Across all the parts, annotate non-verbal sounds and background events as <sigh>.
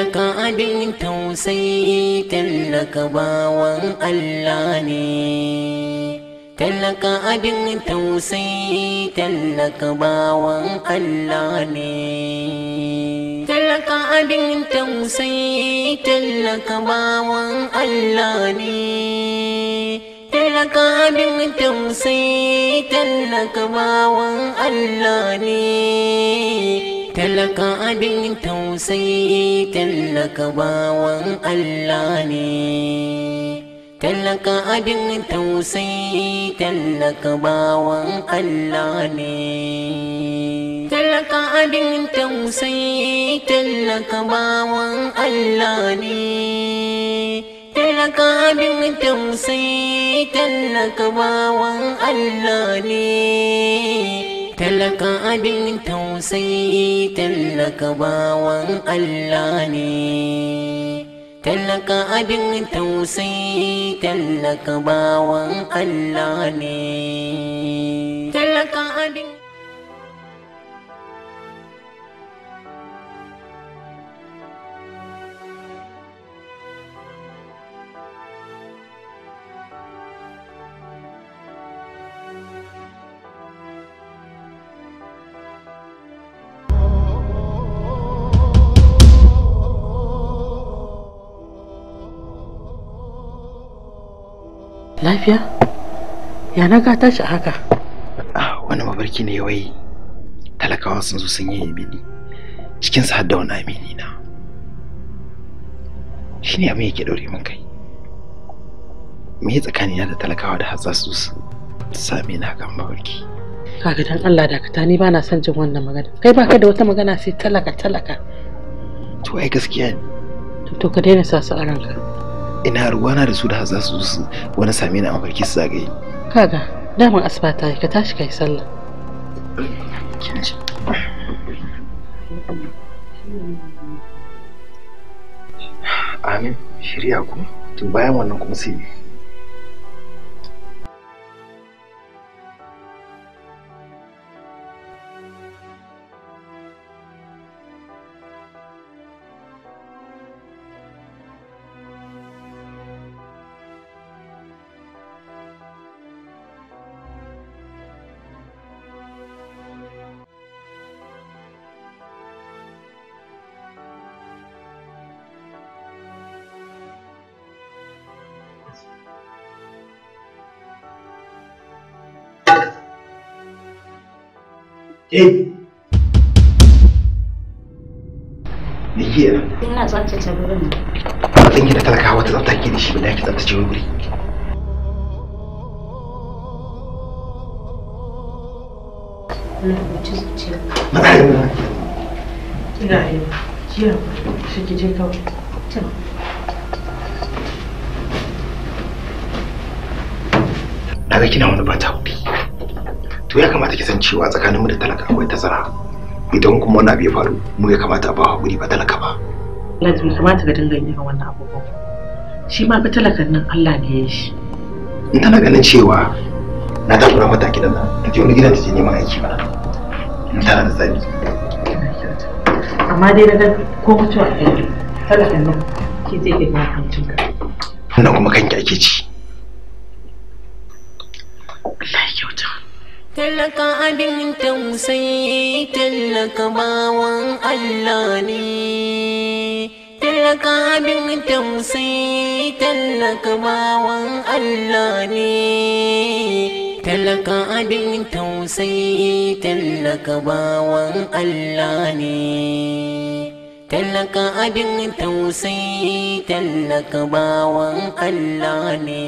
talaka abin tausayi tallaka bawan Allah ne tallaka abin tausayi tallaka bawan Allah ne tallaka abin tausayi tallaka bawan Allah ne tallaka abin tausayi tallaka bawan Allah ne talaka abin tausayi talaka bawan Allah ne Talaka abin tausayi talaka bawan Allah ne Talaka abin tausayi talaka bawan Allah ne Talaka abin tausayi talaka bawan Allah ne ka abin tausayi tallaka bawan Allah ne tallaka abin tausayi tallaka bawan Allah ne tallaka abin Lafiya? Ya na ga tashi haka? Ah, wani mabarki ne wai talakawa sun zo sun yi mini. Cikin su hadda wani amini na. Shi ne abin yake dore min kai. Me ya tsakani na da talakawa da hatsa su sami na kan mabarki? Kaga dan Allah dakata ni ba na son jin wannan magana. Kai baka da wata magana sai talaka talaka. To ai gaskiya ne. To ka daina sa su ranka. ina ruwana da su da za su su wani same ni a mafarki su zagaye kaga daman asuba ta ka tashi kai sallah amin shirya ku to bayan wannan kuma sai Eh. Ke. Me Ina Ina gurin. Matsayin ki da talakawa wata tsafta da shi ba ki tsaftace da Ina ki Daga kina wani ba ta to ya kamata ki san cewa tsakaninmu da talaka akwai tazara idan kuma wani abu ya faru mu ya kamata a ba hakuri ba talaka ba Alhaji bai kamata ka dinga yin wannan abubuwan shi ma ba talakan nan Allah ne ya shi in tana ganin cewa na takura mata a gidan nan ta je wani gidan ta je neman aiki ba in tana da tsari amma dai daga ko mutuwa ɗaya talakan nan ke zai iya ganin kancinka Wannan kuma kanki ake ci Talaka abin tausayi tallaka bawan Allah ne. Talaka abin tausayi tallaka bawan Allah ne. Talaka abin tausayi tallaka bawan Allah ne. Talaka abin tausayi tallaka bawan Allah ne.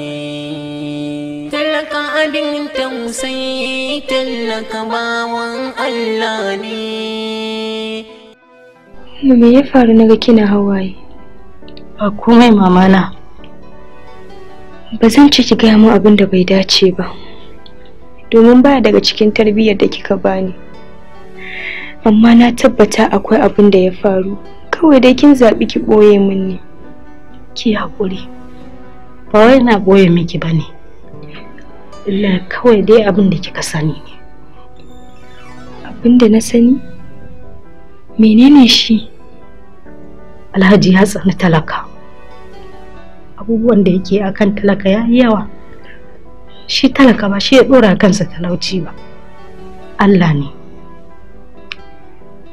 ka abin tausayi tallaka bawan Allah ne. Me ya faru na ga kina hawaye? Ba komai mamana. Ba zan ci ki gaya mu abin da bai dace ba. Domin ba daga cikin tarbiyyar da kika bani. Amma na tabbata akwai abin da ya faru. Kawai dai kin zaɓi ki ɓoye min ne. Ki haƙuri. Ba wai na ɓoye miki ba ne. illa kawai dai abin da kika sani ne abin da na sani menene shi alhaji ya tsani talaka abubuwan da yake akan talaka ya yawa shi talaka ba shi ya dora kansa talauci ba allah ne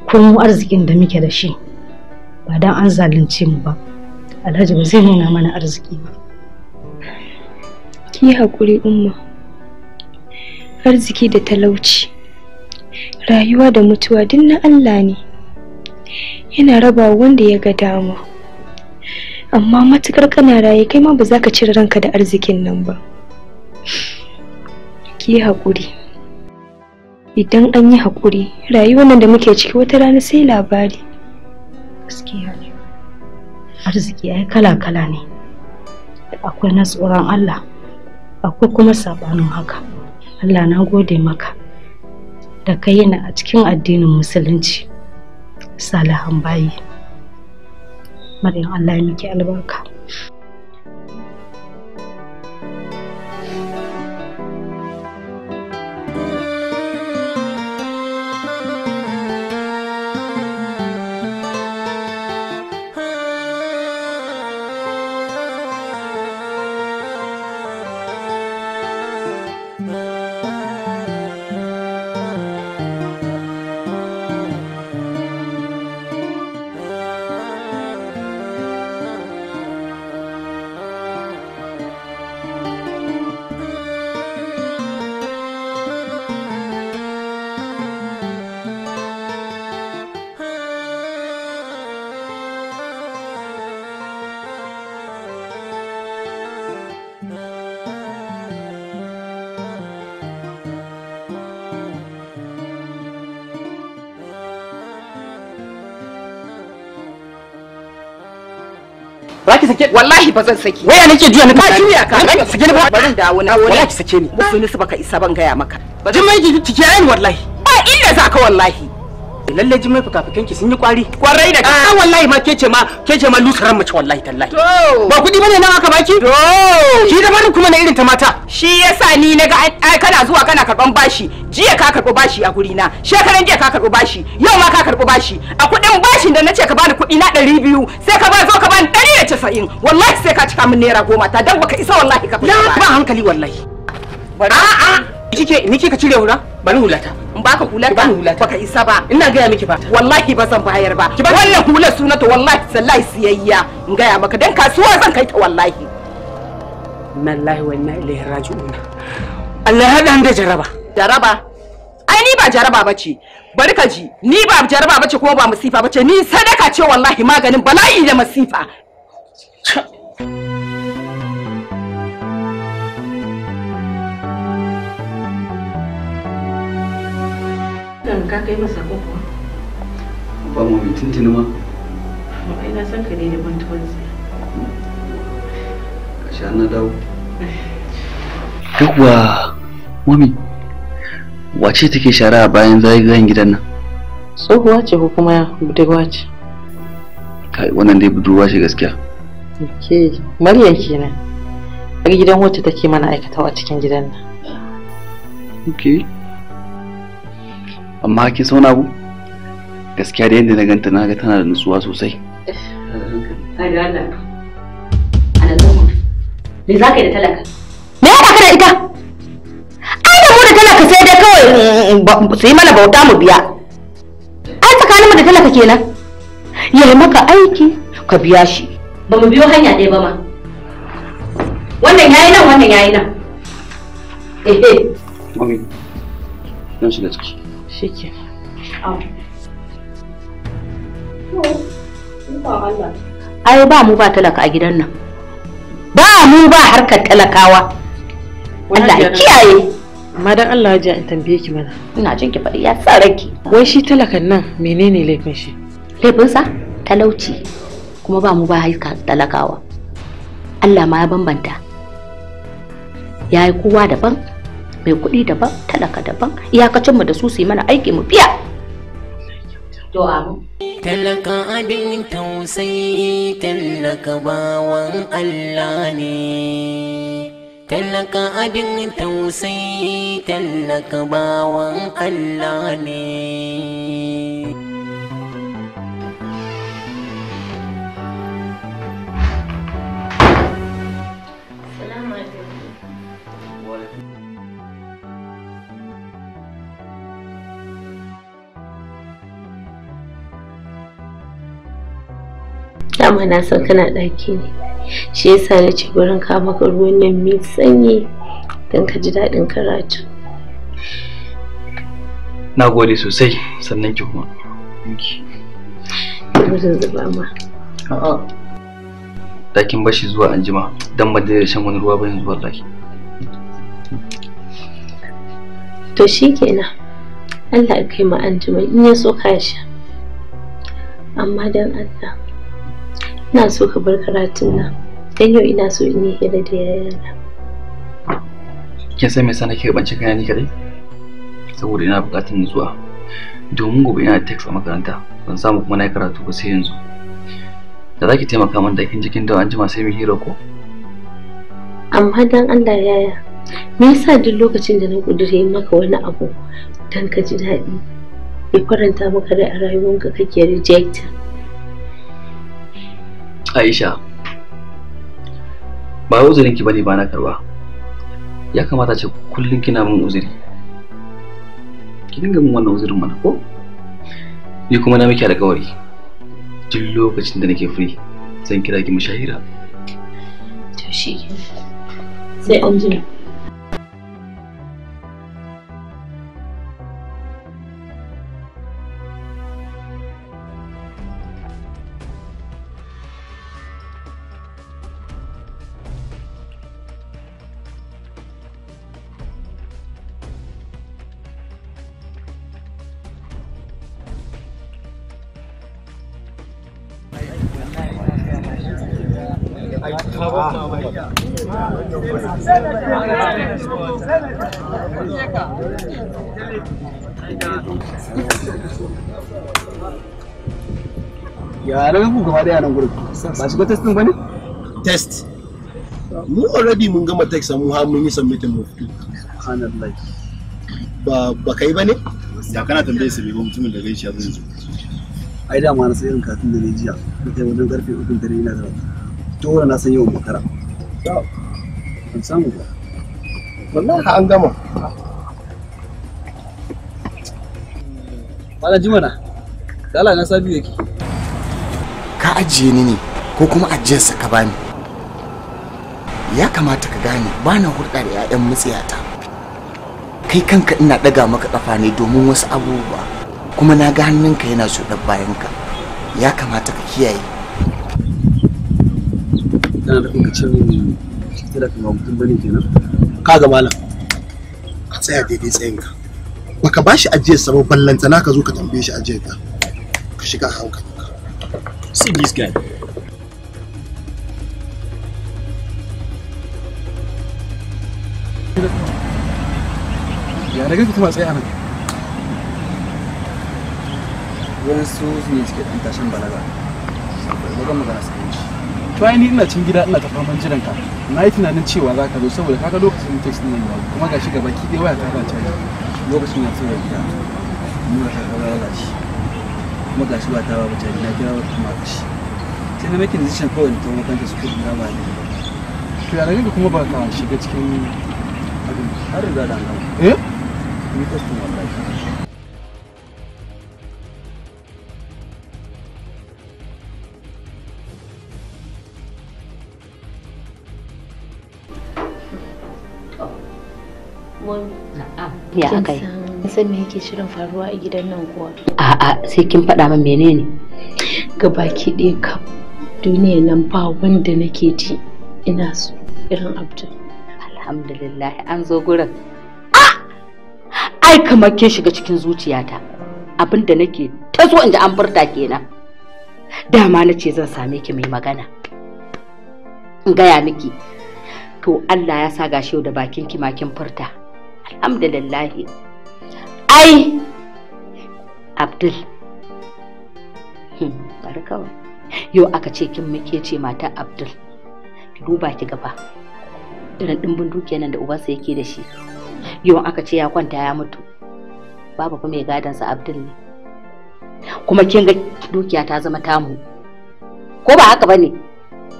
kuma arzikin da muke da shi ba dan an zalunce mu ba alhaji ba zai nuna mana arziki ba ki haƙuri umma arziki da talauci rayuwa da mutuwa duk na Allah ne yana raba wanda ya ga dama amma matukar kana raye kai ma ba za ka cire ranka da arzikin nan ba ki haƙuri idan an yi haƙuri rayuwar nan da muke ciki wata rana sai labari gaskiya ne arziki ai kala-kala ne akwai na tsoron Allah akwai kuma saɓanin haka Allah na gode maka da ka yi a cikin addinin musulunci salihan bayi maryam Allah ya miki albarka za ki sake wallahi ba zan saki waya nake juya ni ba juya ka ba sake ni ba ba zan dawo na wallahi ki sake ni ba su su baka isa ban gaya maka ba mai ki ki yayin wallahi ba inda za ka wallahi lalle ji mai fukafukan ki sun yi kwari kwarai da ka ah, wallahi ma ke ce ma ke ce ma lusaran mace wallahi tallahi ba kuɗi bane nan aka baki to ki da barin kuma na irin ta mata shi yasa ni naga ai kana zuwa kana karban bashi jiya ka karbo bashi a guri na shekaran jiya ka karbo bashi yau ma ka karbo bashi a kuɗin bashin da nace ka bani kuɗi na 200 sai ka ba zo ka casa'in wallahi sai ka cika min naira goma ta dan baka isa wallahi ka fita ba hankali wallahi bari a a kike ni kike cire hura bani hulata in baka hular ba hulata baka isa ba ina gaya miki ba wallahi ba zan bayar ba wallahi hular sunata wallahi sallahi siyayya in gaya maka dan kasuwa zan kai ta wallahi inna lillahi wa inna ilaihi raji'un Allah ya hada da jaraba jaraba ai ni ba jaraba bace bari ka ji ni ba jaraba bace kuma ba masifa bace ni sadaka ce wallahi maganin bala'i da masifa Kan ka kai masa koko. Ba mu mai tuntuni ma. Ba san ka ne da na dawo. <laughs> Yawwa, mami. Wace take shara bayan zagayen gidan nan? Tsohuwa ce ko kuma budurwa ce? Kai, wannan dai budurwa ce gaskiya. Ke, Maryam kenan. Har gidan wacce take mana aikatawa cikin gidan nan. Okay. amma kin sauna ku gaskiya da yadda na ganta na ga tana da nutsuwa sosai me za ka yi da talaka me ya ka da ita An da mu da talaka sai dai kawai mm, su yi mana bauta mu biya An tsakanin mu da talaka kenan ya yi maka aiki ka biya shi ba mu biyo hanya ɗaya ba ma wannan ya yi nan wannan ya yi nan ehe eh. mami don shiga ciki shike ai ba mu ba talaka a gidan nan ba mu ba harkar talakawa Allah ya kiyaye amma dan Allah ya in tambaye ki mana ina jin ki faɗi ya sa wai shi talakan nan menene laifin shi laifinsa talauci kuma ba mu ba harkar talakawa Allah ma ya bambanta ya yi kowa daban mai kuɗi daban talaka daban iyakacin mu da su su yi mana aiki mu biya to talaka abin tausayi talaka bawan Allah ne talaka abin tausayi talaka bawan Allah ne dama na san kana ɗaki ne shi yasa na ce gurin ka maka ruwan nan mai sanyi don ka ji daɗin karatu na gode sosai sannan ki kuma gudun zuba ma ɗakin bashi zuwa anjima don ba da shan wani ruwa ba yanzu wallahi to shi kenan Allah ya kai mu anjima in ya so ka sha amma don Allah ina so ka bar karatun nan don yau ina so in yi hira da yayana kin san me sanake nake bance kana ni kadai saboda ina buƙatar nutsuwa domin gobe ina da a makaranta ban samu kuma na karatu ba sai yanzu da za ki taimaka min da kin jikin da an jima sai mu hira ko amma dan Allah yaya me yasa duk lokacin da na kudure maka wani abu dan ka ji daɗi ya faranta maka rai a rayuwarka kake rejecta Aisha ba uzurin ki bane ba na karwa ya kamata ce kullum kina min uzuri ki dinga mun wannan uzurin mana ko ni kuma na miki alƙawari duk lokacin da nake free zan kira ki mushahira to shi sai an jira ya na testin test mu already mun gama text mu har mun yi submitting mu subhanallah ba ba kai bane da kana tambaye su ba mutumin da gaishe zo. ai da ma na sayin da ne jiya da kai wajen karfe 3 dare da dole na san yawan makara ban samu ba wallahi an gama Mala jimana, dala na sabi yake. Ka ajiye ni ne ko kuma ajiyarsa ka bani. Ya kamata ka gane ba na hulɗa da 'ya'yan mutsiyata. Kai kanka ina ɗaga maka ƙafa ne domin wasu abubuwa kuma na ga hannunka yana so shuɗar bayanka. Ya kamata ka kiyaye. tana nufin ka cin talaka ba mutum bane kenan kaga malam ka tsaya daidai tsayinka baka ba shi ajiyar sa ba ballanta na ka zo ka tambaye shi ajiyar ka ka shiga hankali see this guy ya daga kuma tsaya nan wani su ne suke ɗan tashin balaga saboda magana su to ai ni ina cin gida ina ta faman jiran ka na yi tunanin cewa za ka zo saboda kaga lokacin text nan ba kuma ga shi gaba ki dai waya ta ba ta lokacin ya tsaya gida nura ta kawo shi kuma ga shi ba ta ba caji na kira wata kuma shi sai na make decision kawai ta kuma kanta su kudi na ba ni to ya rage kuma ba ka shiga cikin abin har riga da an gama eh ni customer ba ya aka yi san me yake shirin faruwa a gidan nan kuwa a'a sai kin faɗa min menene ga baki ɗaya kam duniyar nan ba wanda nake ji ina so irin abdul alhamdulillah an zo gurin ah! ai kamar kin shiga cikin zuciyata abin da nake ta so in ji an furta kenan dama na ce zan same ki mai magana in gaya miki to Allah ya sa gashi da bakin ki makin furta alhamdulillah ai abdul hmm, bari kawai yau aka ce kin muke ce mata abdul ki duba ki gaba irin dimbin dukiya nan da ubansa yake da shi yau aka ce ya kwanta ya mutu babu fa mai gadansa abdul ne kuma kin ga dukiya ta zama tamu ko ba haka bane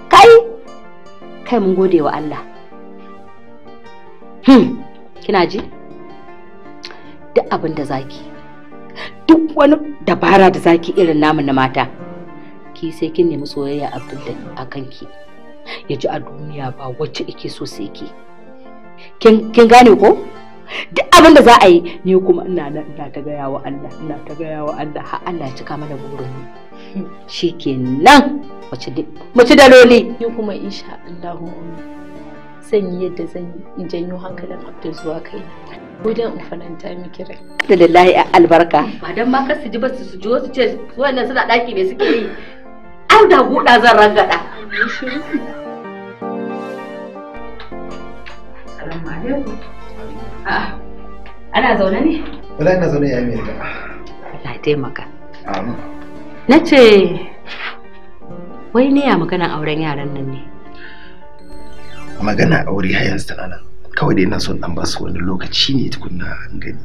kai kai mun gode wa Allah hmm. kina ji duk abin da zaki duk wani dabara da zaki irin namu na mata ki sai kin nemi soyayya a da ki ya ji a duniya ba wacce ike so sai ki kin gane ko duk abin da za a yi ni kuma ina nan ina ta gaya wa Allah ina ta gaya wa Allah har Allah ya cika mana burin mu shikenan mace daloli ni kuma insha Allah zan yi yadda zan yi in janyo hankalin abdul zuwa kaina ko dan in faranta miki rai alhamdulillah albarka ba dan ma kasu ji ba su ji su ce wannan suna daki ne suke yi an da guda zan rangada assalamu alaikum a'a ah, ana zaune ne wala ina zaune yayi mai Allah ya taimaka amin nace wai ne ya maganan auren yaran nan ne magana aure hayan yanzu kawai dai ina son dan ba su wani lokaci ne tukunna an gani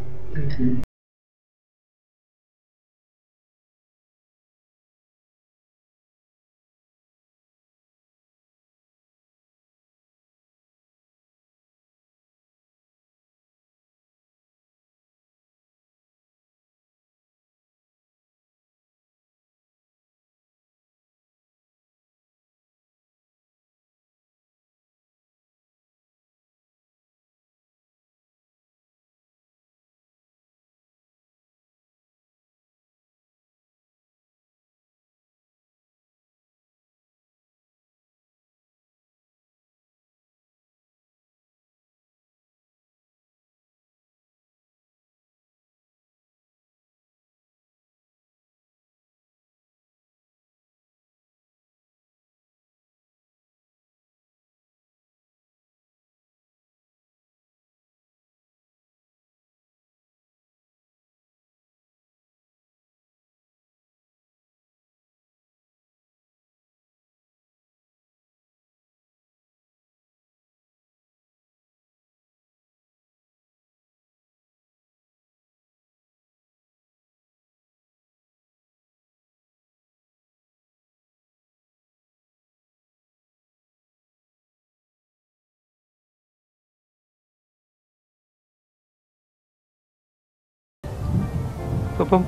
kafan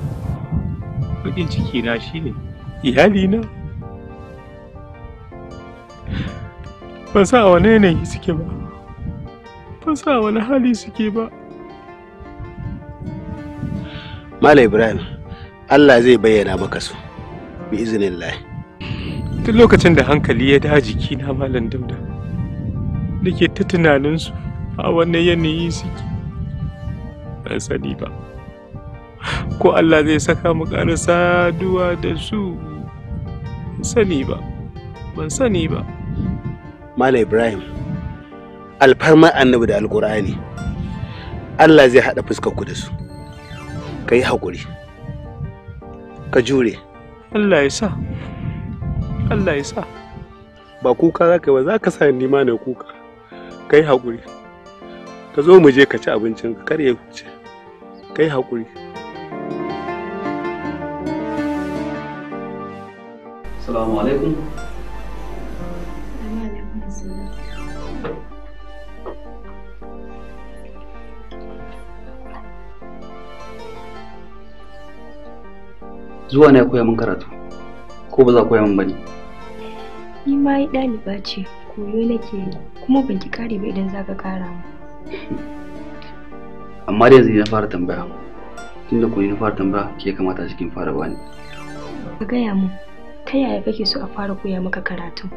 bakin ciki na shine iyali na ban sa a wani yanayi suke ba ban sa a wani hali suke ba Mala Ibrahim Allah zai bayyana maka su bi izinin Tun lokacin da hankali ya da na Malam Dauda ke ta tunaninsu a wannan yanayi suke ban sani ba. ko Allah zai saka mu ƙara saduwa da su sani ba ban sani ba Malam Ibrahim alfarma annabi da alkur'ani Allah zai haɗa fuskar ku da su ka yi haƙuri ka jure Allah ya sa Allah ya sa ba kuka za ka yi ba za ka sa ni ma ne kuka ka yi haƙuri ka zo mu je ka ci abincin ka kar ya huce ka yi haƙuri Assalamu alaikum. Zuwa na koya min karatu, ko ba za koya min ba ne? Ni ma yi ɗaliba ce, koyo nake yi, kuma ban ki kare ba idan za ka kara mu. <laughs> Amma da yanzu ni na fara tambaya, tun da ku ni na fara tambaya ke kamata cikin fara bani. Ka gaya mu. ta yaya kake so a fara koya maka karatu?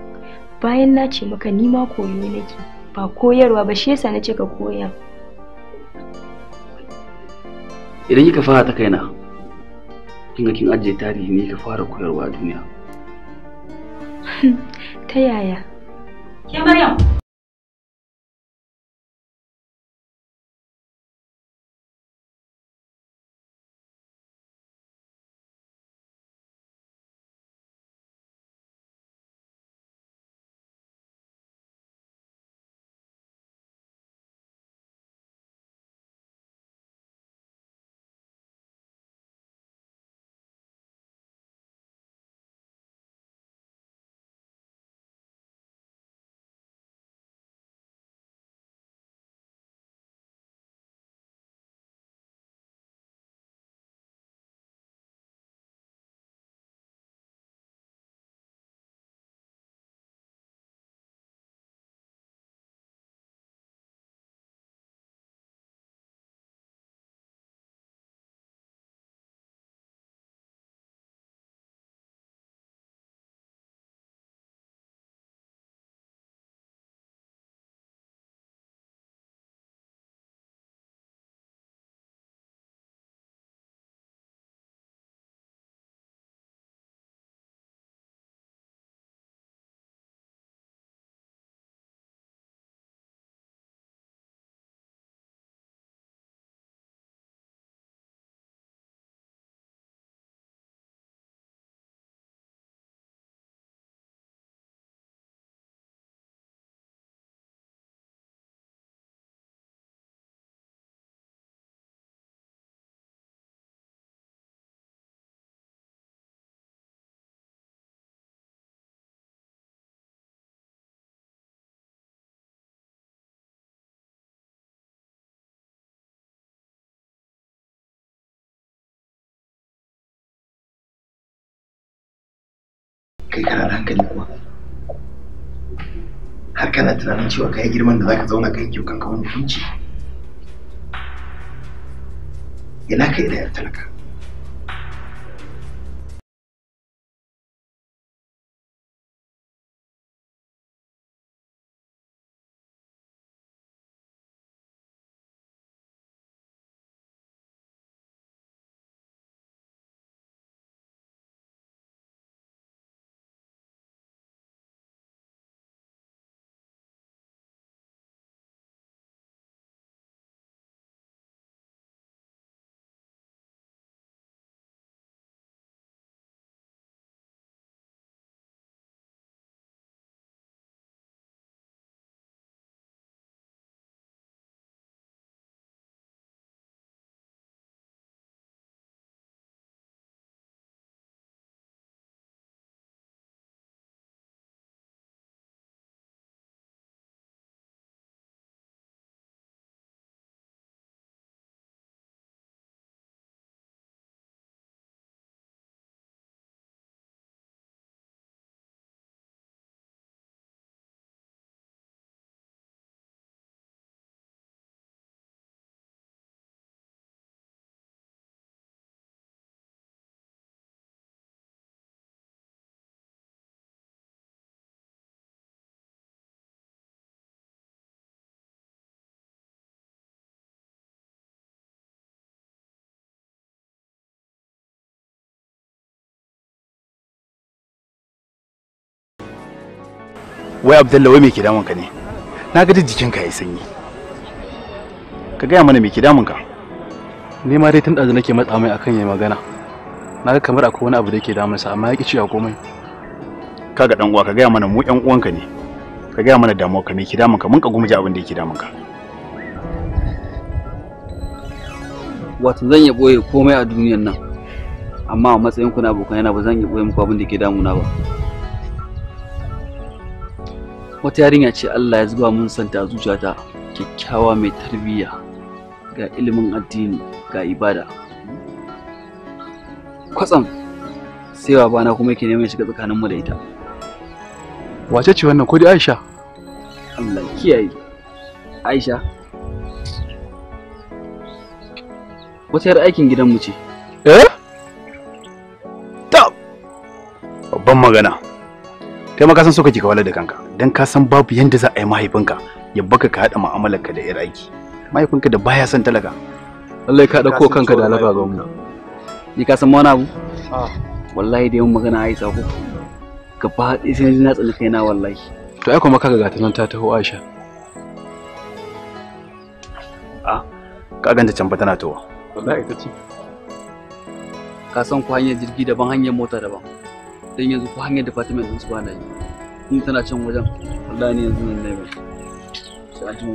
bayan na ce maka ni ma koyo nake ba koyarwa ba shi yasa na ce ka koya idan kika fara ta kaina kin ga kin ajiye tarihi ne ka fara koyarwa a duniya <laughs> ta yaya ke maryam kai kana da hankali kuwa har kana tunanin cewa kai girman da zaka zauna kai kyau kanka wani kunci ina kai da yar talaka wai abdullahi wai me ke damunka ne na ga jikinka yayi sanyi ka gaya mana me ke damunka ne ma dai tun ɗazu nake matsa mai akan yayi magana na ga kamar akwai wani abu da yake damunsa amma ya ki a komai kaga dan uwa ka gaya mana mu yan uwanka ne ka gaya mana damuwa ka me ke damunka mun ka ji abin da yake damunka wato zan iya boye komai a duniyar nan amma a matsayin ku na abokan yana ba zan iya boye muku abin da yake damuna ba wata yarinya ce Allah ya zuba mun santa zuciyata kyakkyawa mai tarbiyya ga ilimin addini ga ibada kwatsam sai babana kuma yake neman shiga tsakanin mu da ita wace ce wannan ko dai Aisha Allah kiyaye Aisha wata yar aikin gidanmu ce eh Ta. babban magana kai ma ka san so kake ka walar da kanka dan ka san babu yanda za a yi mahaifinka ya baka ka hada mu'amalar ka da yar aiki mahaifinka da baya son talaka lallai ka ko kanka da alaba ga mu ni ka san wani abu ah. wallahi da yawan magana Aisha ko ka ɗaya sai na kai na wallahi to ai kuma kaga ga nan ta taho Aisha a ah, ka ganta can ba tana towa wallahi ta ce ka san ku hanyar jirgi daban hanyar mota daban dan yanzu ko hanyar department din su ba na yi in tana can wajen wallahi ne yanzu nan ne ba sai an tumo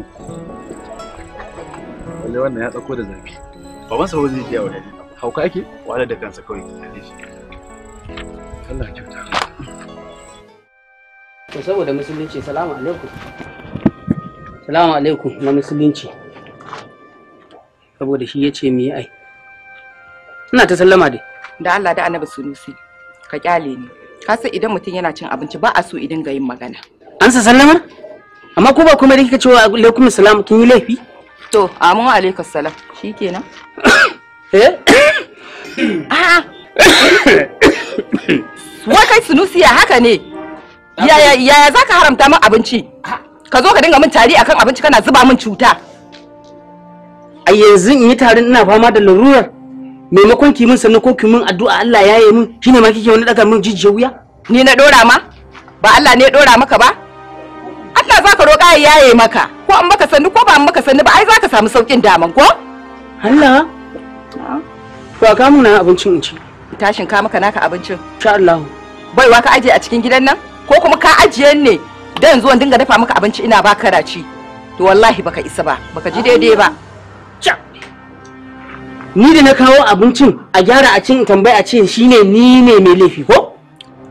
wallahi wannan ya tsako da zafi baban sa zai je wajen hauka ake wahalar da kansa kawai Allah kyauta to saboda musulunci salamu alaikum salamu alaikum na musulunci saboda shi ya ce mu ai ina ta sallama dai da Allah da annabi sunusi ka kyale ni ka san idan mutum yana cin abinci ba a so idan ga yin magana an sa sallama amma ko ba kuma da kika cewa alaikum salam kin yi laifi to amin alaikum salam shikenan <coughs> eh <coughs> a wai kai sunusiya haka ne yaya yaya zaka haramta min abinci ka zo ka dinga min tari akan abinci kana zuba min cuta a yanzu in yi tarin ina fama da larurar maimakon ki min sannan ko ki min addu'a Allah ya yi min shine ma kike wani daga mun jijje wuya ni na dora ma ba Allah ne dora maka ba Allah zaka roƙa ya yaye maka ko an maka sanni ko ba an maka sanni ba ai zaka samu saukin daman ko Allah to ka mun abincin in ci tashin ka maka naka abincin insha Allah baiwa ka aje a cikin gidan nan ko kuma ka ajiye ne dan zuwan dinga dafa maka abinci ina ba karaci to wallahi baka isa ba baka ji daidai ba ni da na kawo abincin a gyara a cin tambaya a ce shine ni ne mai laifi ko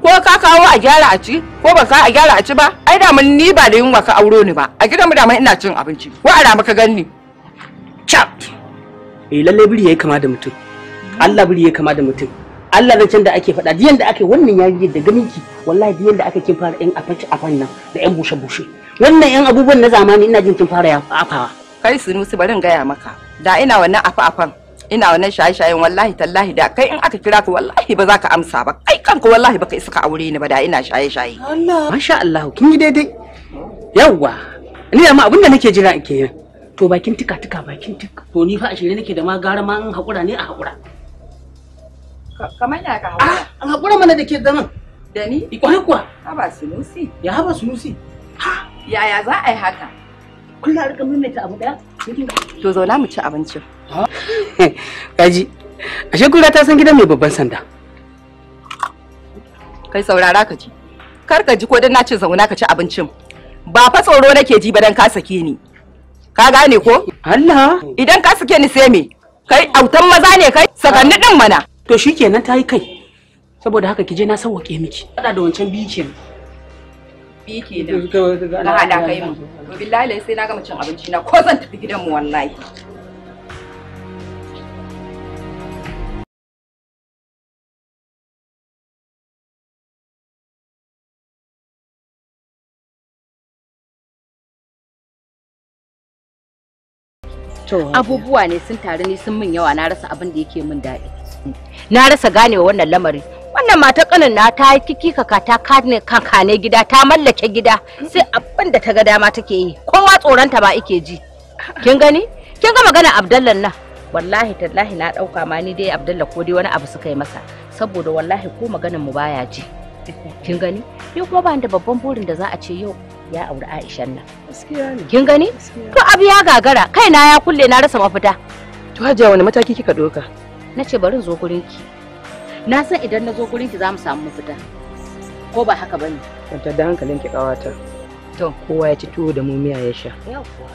ko ka kawo a gyara a ci ko ba ka a gyara a ci ba ai da mun ni ba da yunwa ka auro ni ba a gidan mu da ina cin abinci ko a rama ka ganni chap eh lalle biri yayi kama da mutum Allah biri yayi kama da mutum Allah zancen da ake faɗa diyan da ake wannan yayi da ganinki wallahi diyan da aka kin fara in afaci afan nan da yan bushe bushe wannan yan abubuwan na zamani ina jin kin fara afawa kai su bari in gaya maka da ina wannan afa afan ina wannan shaye-shayen wallahi tallahi da kai in aka kira ka wallahi ba za ka amsa ba kai kanka wallahi ba ka isa ka aure ni ba da ina shaye-shaye Allah masha Allah kin yi daidai yawwa ni ma abin da nake jira ke yin to bakin tika tuka bakin tika to ni fa a shirye nake da ma gara ma in haƙura ne a haƙura kamar ya ka ah, haƙura an haƙura mana da ke da nan da ni ikwai eh, kuwa haba sunusi ya haba sunusi ha yaya za a yi haka kullum a rika ta abu daya to zauna mu ci abincin <laughs> kaji ashe Kula ta san gidan mai babban sanda kai saurara ka ji kar ka ji ko dan na ci zauna ka ci abincin ba fa tsoro nake ji ba dan ka sake ni ka gane ko Allah idan ka sake ni sai me kai autan maza ne kai sakanni din mana to shikenan ta yi kai saboda haka kije na sauwake miki Kada da wancan biyu kenan biyu da, na hada kai mu to billahi sai na gama cin abinci na ko zan tafi gidan mu wallahi abubuwa ne sun taru ni sun min yawa na rasa abin da yake min daɗi na rasa ganewa wannan lamari wannan mata kanin na ta yi kiki kaka ta kankane gida ta mallake gida sai abin da ta ga dama take yi kowa tsoronta ba ike ji kin gani kin ga magana abdallan nan wallahi tallahi na dauka ma ni dai abdallah ko dai wani abu suka yi masa saboda wallahi ko maganar mu baya ji kin gani ni kuma ba da babban burin da za a ce yau ya auri Aishan nan. Gaskiya ne. Kin gani? To abu ya gagara, kai na ya kulle na rasa mafita. To Hajiya wani mataki kika doka? Na ce bari zo gurin ki. Na san idan na zo gurin ki za mu samu mafita. Ko ba haka bane? Kwantar da hankalin ki kawata. To. kowa ya ci tuwo da mu miya ya sha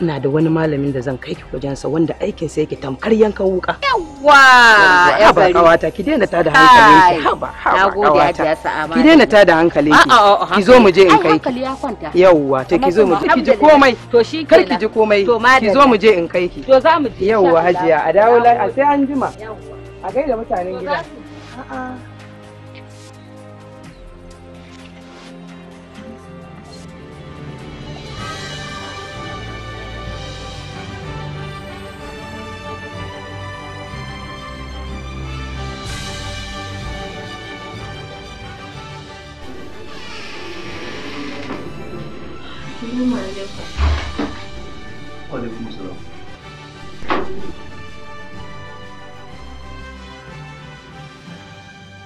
ina da wani malamin da zan kai ki wajensa wanda aikin sa yake tamkar yankan wuka yawa ya bari kawata ki daina ta da hankali ki haba haba kawata ki daina ta da hankali ki ki zo mu je in kai hankali ya kwanta yawa to ki zo mu je ki ji komai to shi kar ki ji komai ki zo mu je in kai ki to za mu je yawa hajiya a dawo a sai an jima a gaida mutanen gida a'a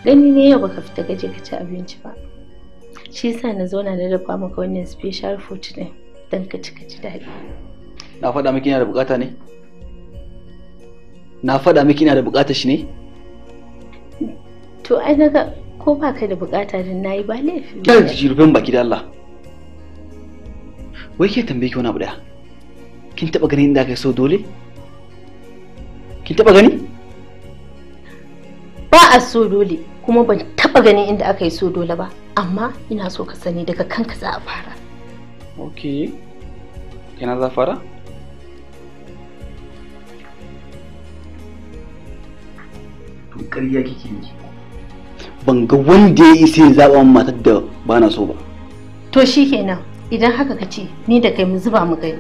gani ne yau baka fita gaje ka ci abinci ba shi yasa na zo na rarraba maka wannan special food din don ka ci ka ji daɗi na faɗa miki yana da bukata ne na faɗa miki yana da bukata shi ne to ai naga ko ba ka da bukata din nayi ba laifi ba ji rufen baki da Allah wai ke tambaye ki wani abu daya kin taba ganin inda kai so dole kin taba gani ba a so dole kuma ban taba ganin inda aka yi so dole ba amma ina so ka sani daga kanka za a fara ok yana za fara to ƙarya kike yi ban ga wanda ya isa ya zaɓa matar da ba na so ba to shi kenan idan haka ka ce ni da kai mu zuba mu gani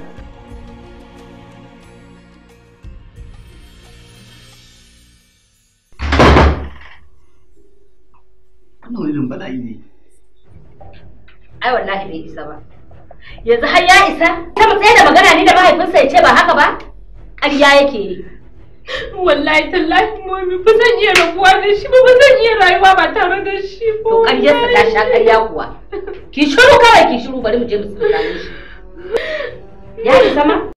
bala'i ne ai wallahi bai isa ba yanzu har ya isa ta mu tsaye da magana ni da mahaifinsa ya ce ba haka ba ƙarya yake yi wallahi tallahi ba zan iya rabuwa da shi ba ba zan iya rayuwa ba tare da shi ba to ƙaryarsa ta sha ƙarya kuwa ki shiru kawai ki shiru bari mu je mu shi ya isa ma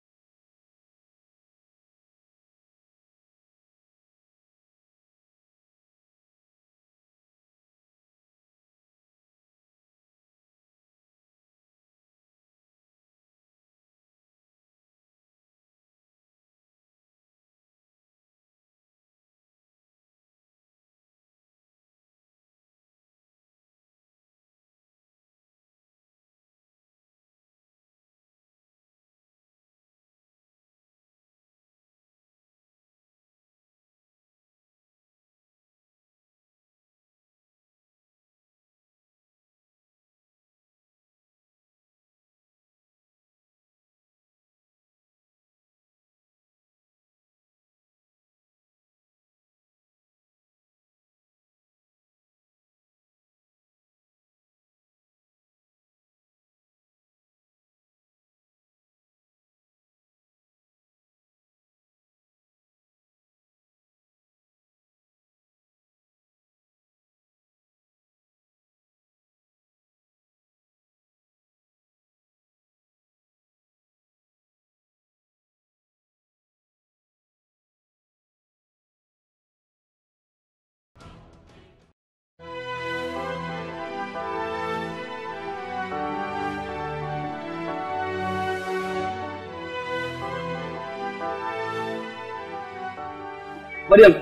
Maryam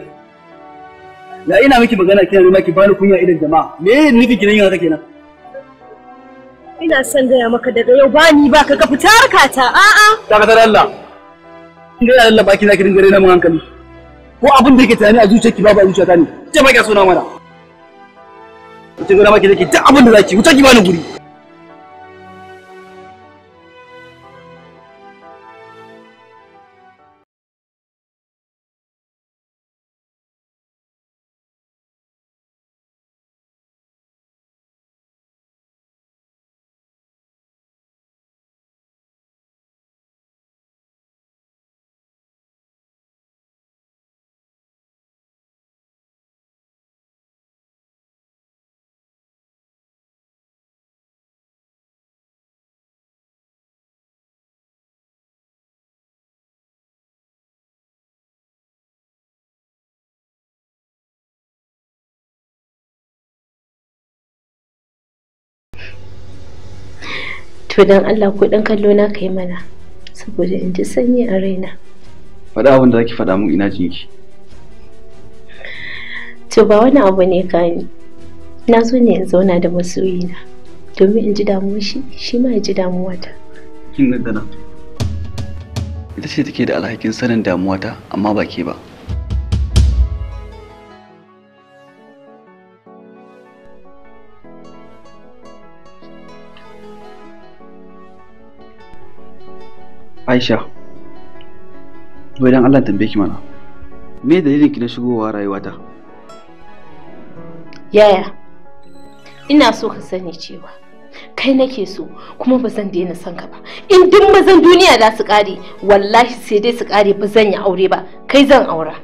ya ina miki magana kina nema ki bani kunya idan jama'a me nufi kinan yin haka kenan ina son gaya maka daga yau bani ba ka ka fita harka ta a daga tare Allah Kin ga Allah baki zaki dinga rena mun hankali ko abin da yake tunani a zuciyarki babu a zuciyata ne ce ba ki so na mana ki ma maki zaki duk abin da zaki wuce ki bani guri to don Allah ko dan kallo na kai mana saboda in ji sanyi a raina faɗa abin da zaki faɗa mun ina jin ki to ba wani abu ne kani na zo ne in zauna da masoyina domin in ji damuwar shi shi ma ya ji damuwata kin gaddana ita ce take da alhakin sanin damuwata amma ba ke ba Aisha, wai idan Allah tambaye ki mana, me dalilin ki na shigowa rayuwata? Yaya, ina so ka sani cewa kai nake so kuma ba zan daina son ka ba. In duk mazan duniya da su ƙare, wallahi sai dai su ƙare ba zan yi aure ba, kai zan aura.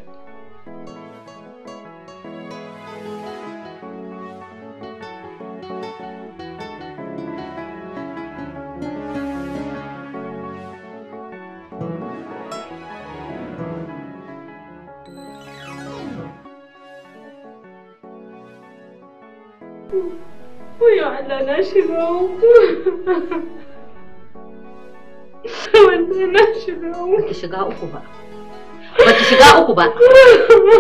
Baki shiga uku ba. Baki shiga uku ba.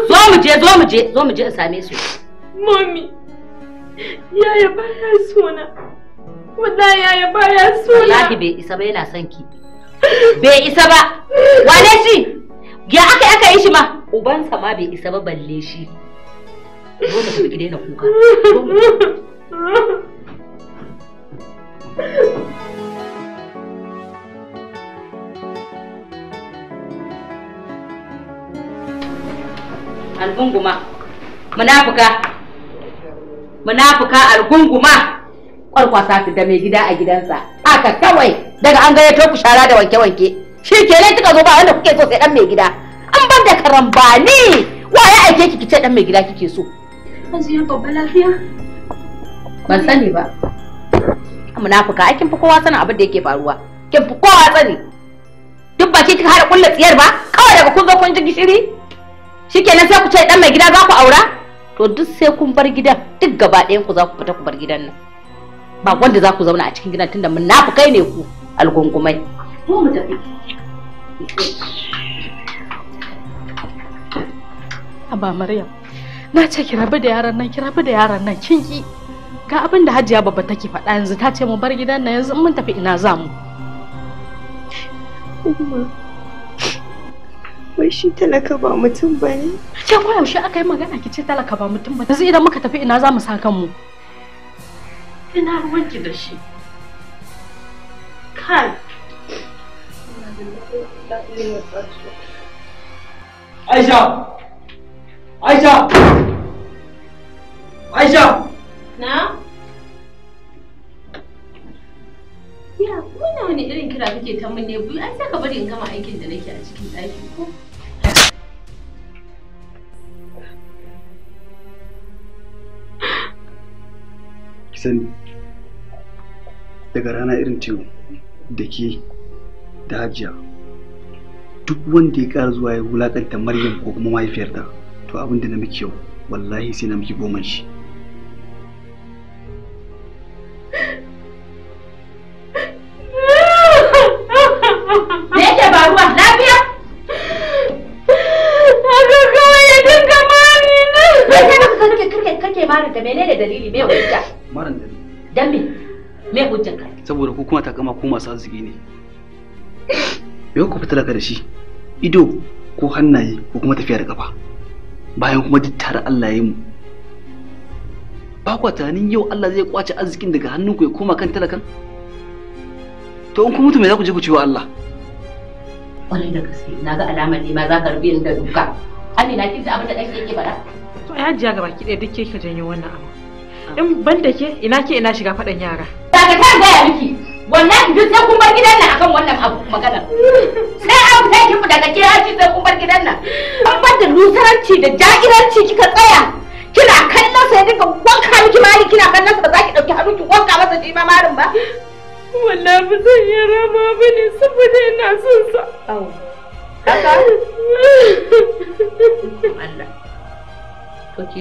Zo mu je, zo mu je, zo mu je in same su. Mami, yaya baya sona. Wallahi yaya baya sona. Wallahi bai isa ba yana son ki. Bai isa ba. Wane shi? Ya aka aka yi shi ma. Ubansa ma bai isa ba balle shi. Zo mu tafi ki daina kuka. Algunguma, munafuka, munafuka algunguma, ƙwarƙwasa su da mai gida a gidansa, aka kawai daga an gayyato ku shara da wanke-wanke. Shi ke nan kika zo ba wanda kuke so sai ɗan mai gida. An ban da karambani, wa ya aike ki ce ɗan mai gida kike so. Ban san ba. munafuka ai kin fi kowa sanin abin da yake faruwa kin fi kowa sani duk ke kika hada kullu tsiyar ba kawai daga kun zo kun ji gishiri shikenan sai ku ce dan mai gida za ku aura to duk sai kun bar gidan duk gaba ɗayan ku za ku fita ku bar gidan nan ba wanda za ku zauna a cikin gidan tunda munafukai ne ku algungumai Aba Maryam, na ce ki rabu da yaran nan, ki rabu da yaran nan, kin ki. ga abin da hajiya babba take faɗa yanzu ta ce mu bar gidan nan yanzu mun tafi ina za mu wai shi talaka ba mutum ba ne Ya ko yaushe aka yi magana ki ce talaka ba mutum ba yanzu idan muka tafi ina za mu sa kanmu ina ruwan ki da shi kai Aisha! Aisha! Aisha! kira kake ta mun ne biyu ai sai ka bari in gama aikin da nake a cikin ɗaki ko sani daga rana irin ta da ke da hajiya duk wanda ya ƙara zuwa ya wulaƙanta maryam ko kuma mahaifiyarta to abin da na miki yau wallahi sai na miki goma shi dalili mai hujja maran dalili dan me Mai hujjar ka saboda ku kuma ta gama ku masu arziki ne me ku fita daga da shi ido ko hannaye ko kuma tafiya da kafa bayan kuma duk tare Allah ya mu ba ku tunanin yau Allah zai kwace arzikin daga hannunku ya koma kan talakan to in ku mutu me za ku je ku ciwo Allah kwarai da gaske na ga alamar ne ma za ka rubi da duka Amina kin ji abin da ɗan yake faɗa to ai hajiya gaba ki ɗaya duk ke ka janyo wannan abu in ban da ke ina ke ina shiga faɗan yara daga ta gaya miki wannan duk sai kun bar gidan nan akan wannan abu magana <laughs> sai abu sai ki daga kiranci sai kun bar gidan nan an bar da lusaranci da jagiranci kika tsaya kina kallon sai duka wanka miki mari kina kallon sa ba za ki dauki hannu ki wanka masa shi ma marin ba wallahi ba zan yi rama ba ne saboda ina son sa au haka <laughs> Allah to ki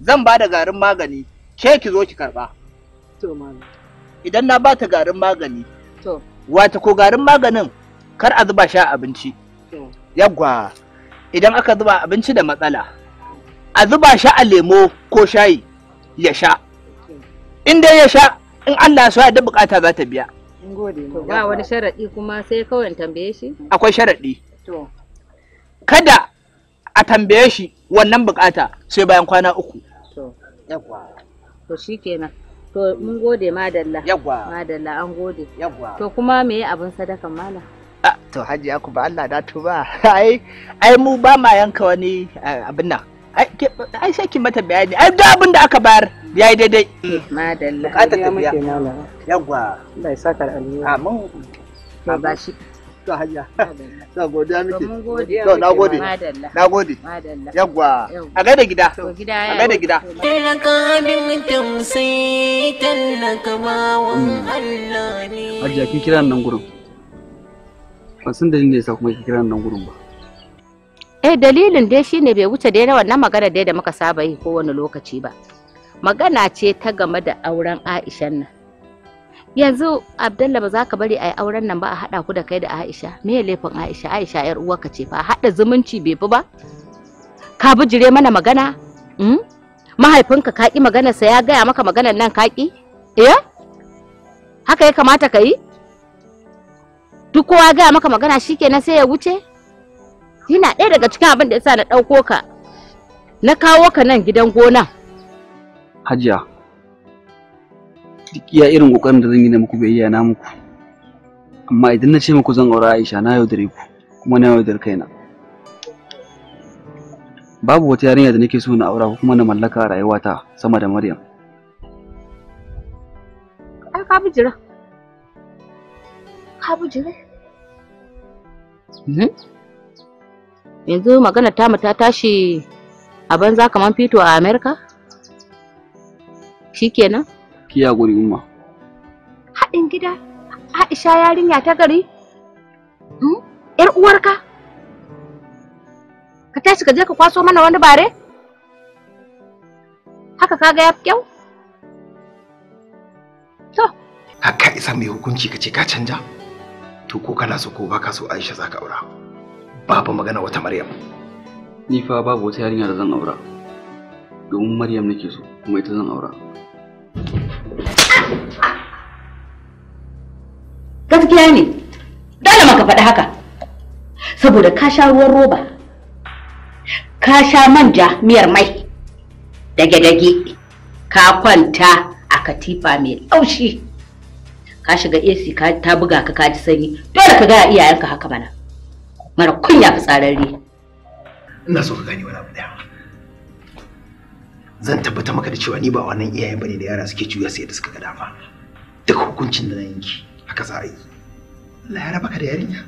zan ba da garin magani ke ki zo ki karba idan na ba ta garin magani wata ko garin maganin kar a zuba shi a abinci yagwa idan aka zuba abinci da matsala a zuba shi a lemo ko shayi ya sha in dai ya sha in Allah so ya da bukata za ta biya ba wani sharaɗi kuma sai kawai tambaye shi akwai sharaɗi kada a tambaye shi wannan bukata sai bayan kwana uku to yawwa to nan, to mun gode madalla yawwa madalla an gode yawwa to kuma me abin sadakan mala to hajji aku ba Allah da tuba <laughs> ai ai mu ba ma yanka wani abin nan ai sai ki mata bayani ai da abin da aka bayar ya yi daidai eh, madalla bukatar tafiya Allah ya saka alheri amin ba shi <laughs> to hajiya to miki to na gode na gode yagwa a ga da gida a ga da gida hajiya kin kira nan gurin ban san dalilin da yasa kuma kin kira nan gurin ba eh dalilin dai shine bai wuce dai na wannan magana dai da muka saba yi kowane lokaci ba magana ce ta game da auren Aishan nan yanzu abdalla ba za ka bari a yi auren nan ba a haɗa ku da kai da aisha me ya laifin aisha aisha yar uwarka ce fa haɗa zumunci bai fi ba ka bijire mana magana hmm? mahaifinka ka ƙi maganarsa ya gaya maka maganar nan ka ƙi eh haka ya kamata ka yi duk kowa gaya maka magana shikenan sai ya wuce yana ɗaya daga cikin abin da yasa na ɗauko ka na kawo ka nan gidan gona hajiya ya iya irin kokarin da zan yi na muku bai iya na muku amma idan na ce muku zan aura Aisha na yaudare ku kuma na yaudare kaina babu wata yarinya da nake so na aura ko kuma na mallaka a rayuwata sama da Maryam ai ka bijira ka bijira eh? yanzu magana ta ta tashi a banza kamar fito a Amerika shikenan kiya ya guri umma haɗin gida Aisha yarinya ta gari hmm? yar uwarka ka tashi ka je ka kwaso mana wani bare haka kaga ya fi kyau to Haka isa mai hukunci ka ce ka canja to ko kana so ko baka so Aisha za ka aura babu magana wata Maryam ni fa babu wata yarinya da zan aura domin Maryam nake so kuma ita zan aura gaskiya ne dole maka faɗi haka saboda ka sha ruwan roba ka sha manja miyar mai dage-dage ka kwanta a katifa mai laushi ka shiga ac ka ta buga ka kaji sanyi dole ka gaya iyayenka haka mana mara kunya fitsararri. ina so ka gani wani abu daya zan tabbata maka da cewa ni ba wannan iyayen bane da yara suke juya sai da suka ga dama duk hukuncin da na yanki haka za a yi Allah ya raba ka da yarinya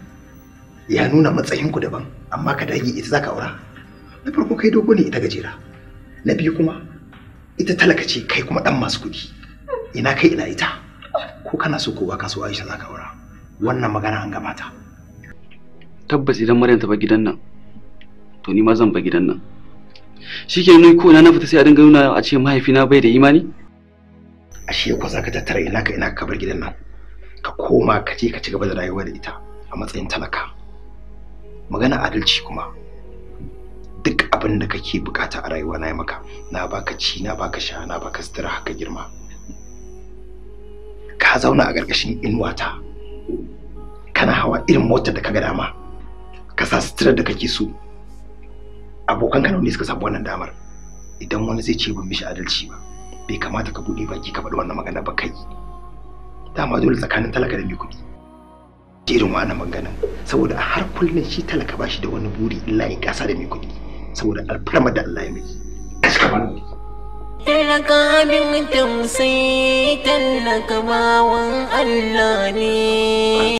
ya nuna matsayin ku daban amma ka dage ita zaka aura na farko kai dogo ne ita gajera na biyu kuma ita talaka ce kai kuma dan masu kuɗi ina kai ina ita ko kana so ko ba ka so Aisha zaka aura wannan magana an gabata tabbas idan Maryam ta ba gidan nan to ni ma zan ba gidan nan Shike ne ko ina na fita sai a dinga nuna a ce mahaifina bai da imani ashe ko za ka tattara ina ka ina ka bar gidan nan ka koma ka je ka ci gaba da rayuwa da ita a matsayin talaka magana adalci kuma duk abin da kake bukata a rayuwa na yi maka na baka ci na baka sha na baka sutura haka girma ka zauna a ƙarƙashin inuwata kana hawa irin motar da ka ga dama ka sa sutura da kake so abokan ka ne suka samu wannan damar idan wani zai ce ban mishi adalci ba bai kamata ka buɗe baki ka faɗi wannan magana ba kai dama dole tsakanin talaka da mai kuɗi irin wannan maganan saboda har kullum shi talaka ba shi da wani buri illa gasa da mai kuɗi saboda alfarmar da Allah ya mai cika mana Talaka tausayi tallaka bawan Allah ne.